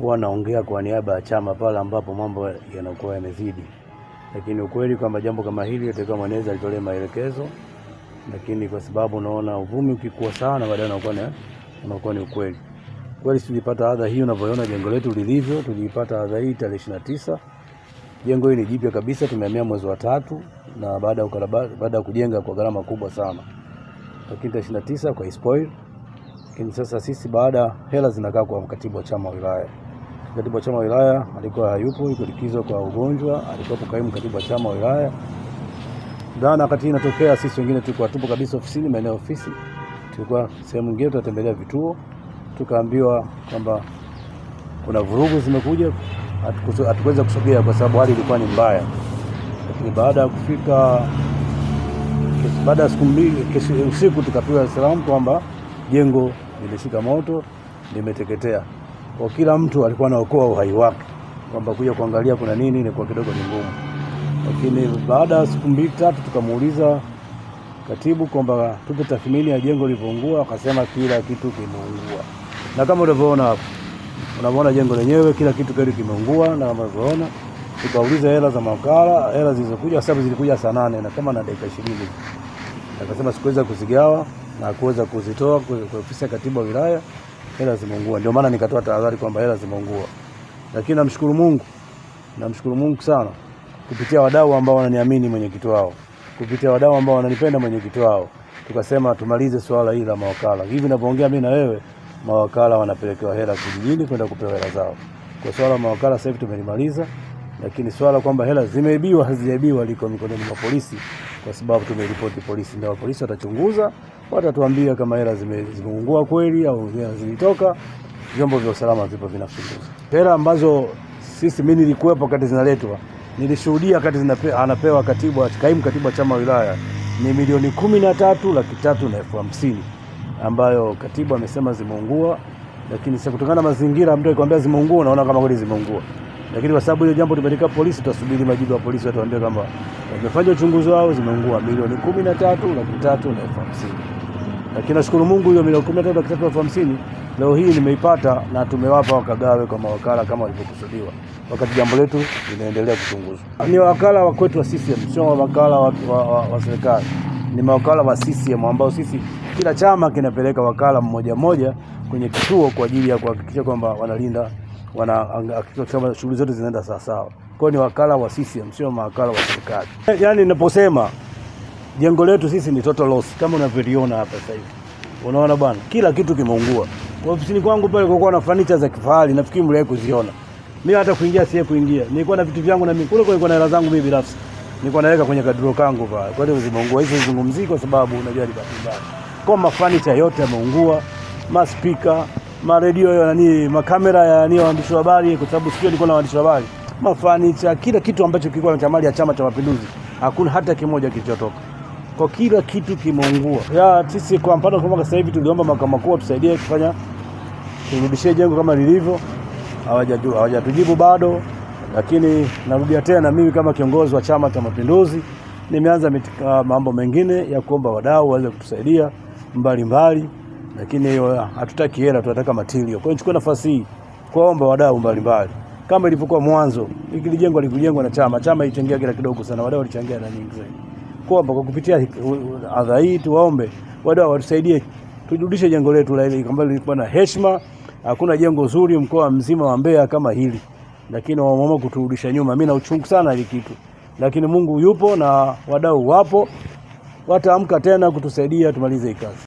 Huwa naongea kwa niaba ya chama pale ambapo mambo yanakuwa yamezidi, lakini ukweli kwamba jambo kama hili yatakiwa mwenezi alitolea maelekezo, lakini kwa sababu naona uvumi ukikua sana baadaye unakuwa ni unakuwa ni ukweli. Kweli tulipata adha hii, unavyoona jengo letu lilivyo, tulipata adha hii tarehe ishirini na tisa. Jengo hili jipya kabisa tumehamia mwezi wa tatu na baada ya baada ya kujenga kwa gharama kubwa sana, lakini tarehe ishirini na tisa kwa spoil lakini sasa sisi baada hela zinakaa kwa katibu wa chama wa wilaya. Katibu wa chama wa wilaya alikuwa hayupo, yuko likizo kwa ugonjwa, alikuwa kaimu katibu wa chama wilaya. Dhana wakati inatokea, sisi wengine tulikuwa tupo kabisa ofisini, maeneo ofisi, tulikuwa sehemu nyingine tunatembelea vituo, tukaambiwa kwamba kuna vurugu zimekuja, hatukuweza kusogea kwa sababu hali ilikuwa ni mbaya. Lakini baada ya kufika baada ya siku mbili, usiku tukapewa salamu kwamba jengo lilishika moto, limeteketea. Kwa kila mtu alikuwa anaokoa uhai wake, kwamba kuja kuangalia kuna nini ni kwa kidogo ni ngumu, lakini baada ya siku mbili tatu tukamuuliza katibu kwamba tupe tathmini ya jengo lilivyoungua, akasema kila kitu kimeungua, na kama unavyoona hapo, unavyoona jengo lenyewe kila kitu kile kimeungua, na kama unavyoona tukauliza hela za makala, hela zilizokuja sababu zilikuja saa nane na kama na dakika ishirini, akasema sikuweza kuzigawa na kuweza kuzitoa kwa ofisi ya katibu wa wilaya, hela zimeungua. Ndio maana nikatoa tahadhari kwamba hela zimeungua, lakini namshukuru Mungu, namshukuru Mungu sana kupitia wadau ambao wananiamini mwenyekiti wao, kupitia wadau ambao wananipenda mwenyekiti wao, tukasema tumalize swala hili la mawakala. Hivi ninapoongea mimi na wewe, mawakala wanapelekewa hela kijijini kwenda kupewa hela zao. Kwa swala la mawakala sasa hivi tumelimaliza, lakini swala kwamba hela zimeibiwa hazijaibiwa liko mikononi mwa polisi kwa sababu tumeripoti polisi, ndio polisi watachunguza, watatuambia kama hela zimeungua kweli au hela zilitoka. Vyombo vya usalama vipo vinachunguza hela ambazo sisi, mimi nilikuwepo wakati zinaletwa, nilishuhudia wakati anapewa katibu, kaimu katibu wa chama wilaya, ni milioni kumi na tatu laki tatu na elfu hamsini ambayo katibu amesema zimeungua, lakini sasa kutokana na mazingira, mtu akikwambia zimeungua, unaona kama kweli zimeungua lakini kwa sababu hilo jambo tumepeleka polisi, tutasubiri majibu ya polisi, watuambie kama wamefanya uchunguzi wao, zimeungua milioni kumi na tatu laki tatu na elfu hamsini lakini nashukuru Mungu, hiyo milioni kumi na tatu laki tatu na elfu hamsini leo hii nimeipata na tumewapa wakagawe kwa mawakala kama walivyokusudiwa, wakati jambo letu linaendelea kuchunguzwa. Ni wakala wa kwetu wa CCM, sio wakala wa, wa, wa, wa serikali, ni mawakala wa CCM ambao sisi kila chama kinapeleka wakala mmoja mmoja kwenye kituo kwa ajili ya kuhakikisha kwamba wanalinda wanahakikisha kwamba shughuli zote zinaenda sawasawa. Kwa hiyo ni wakala wa CCM, sio mawakala wa serikali. Yaani ninaposema jengo letu sisi ni total loss kama unavyoliona hapa sasa hivi. Unaona bwana, kila kitu kimeungua. Kwa ofisini kwangu pale kulikuwa na fanicha za kifahari, nafikiri mliwahi kuziona. Mimi hata kuingia siye kuingia. Nilikuwa na vitu vyangu na mimi. Kule kulikuwa na hela zangu mimi binafsi. Nilikuwa naweka kwenye kadro kangu pale. Kwa hiyo zimeungua. Hizo zizungumzii kwa sababu unajua ni bahati mbaya. Kwa mafanicha yote yameungua, maspika, maredio ya nani, makamera ya nani, waandishi wa habari, kwa sababu sikio ilikuwa na waandishi wa habari, mafanicha, kila kitu ambacho kilikuwa cha mali ya Chama cha Mapinduzi, hakuna hata kimoja kilichotoka, kwa kila kitu kimeungua. Ya sisi kwa mfano, kama sasa hivi tuliomba mahakama makuu tusaidie kufanya kurudishia jengo kama lilivyo, hawajatujibu bado, lakini narudia tena, mimi kama kiongozi wa Chama cha Mapinduzi nimeanza ah, mambo mengine ya kuomba wadau waweze kutusaidia mbalimbali mbali lakini ah, hatutaki hela, tunataka material. Kwa hiyo nichukue nafasi hii kuwaomba wadau mbalimbali kama ilivyokuwa mwanzo, ikilijengwa likujengwa na chama, chama ilichangia kila kidogo sana, wadau walichangia na nyingi zaidi. Kuomba kwa kupitia adha hii, tuwaombe wadau watusaidie, turudishe jengo letu la ile ambalo lilikuwa na heshima. Hakuna jengo zuri mkoa mzima wa Mbeya kama hili, lakini wameamua kuturudisha nyuma. Mimi na uchungu sana hili kitu, lakini Mungu yupo na wadau wapo, wataamka tena kutusaidia tumalize hii kazi.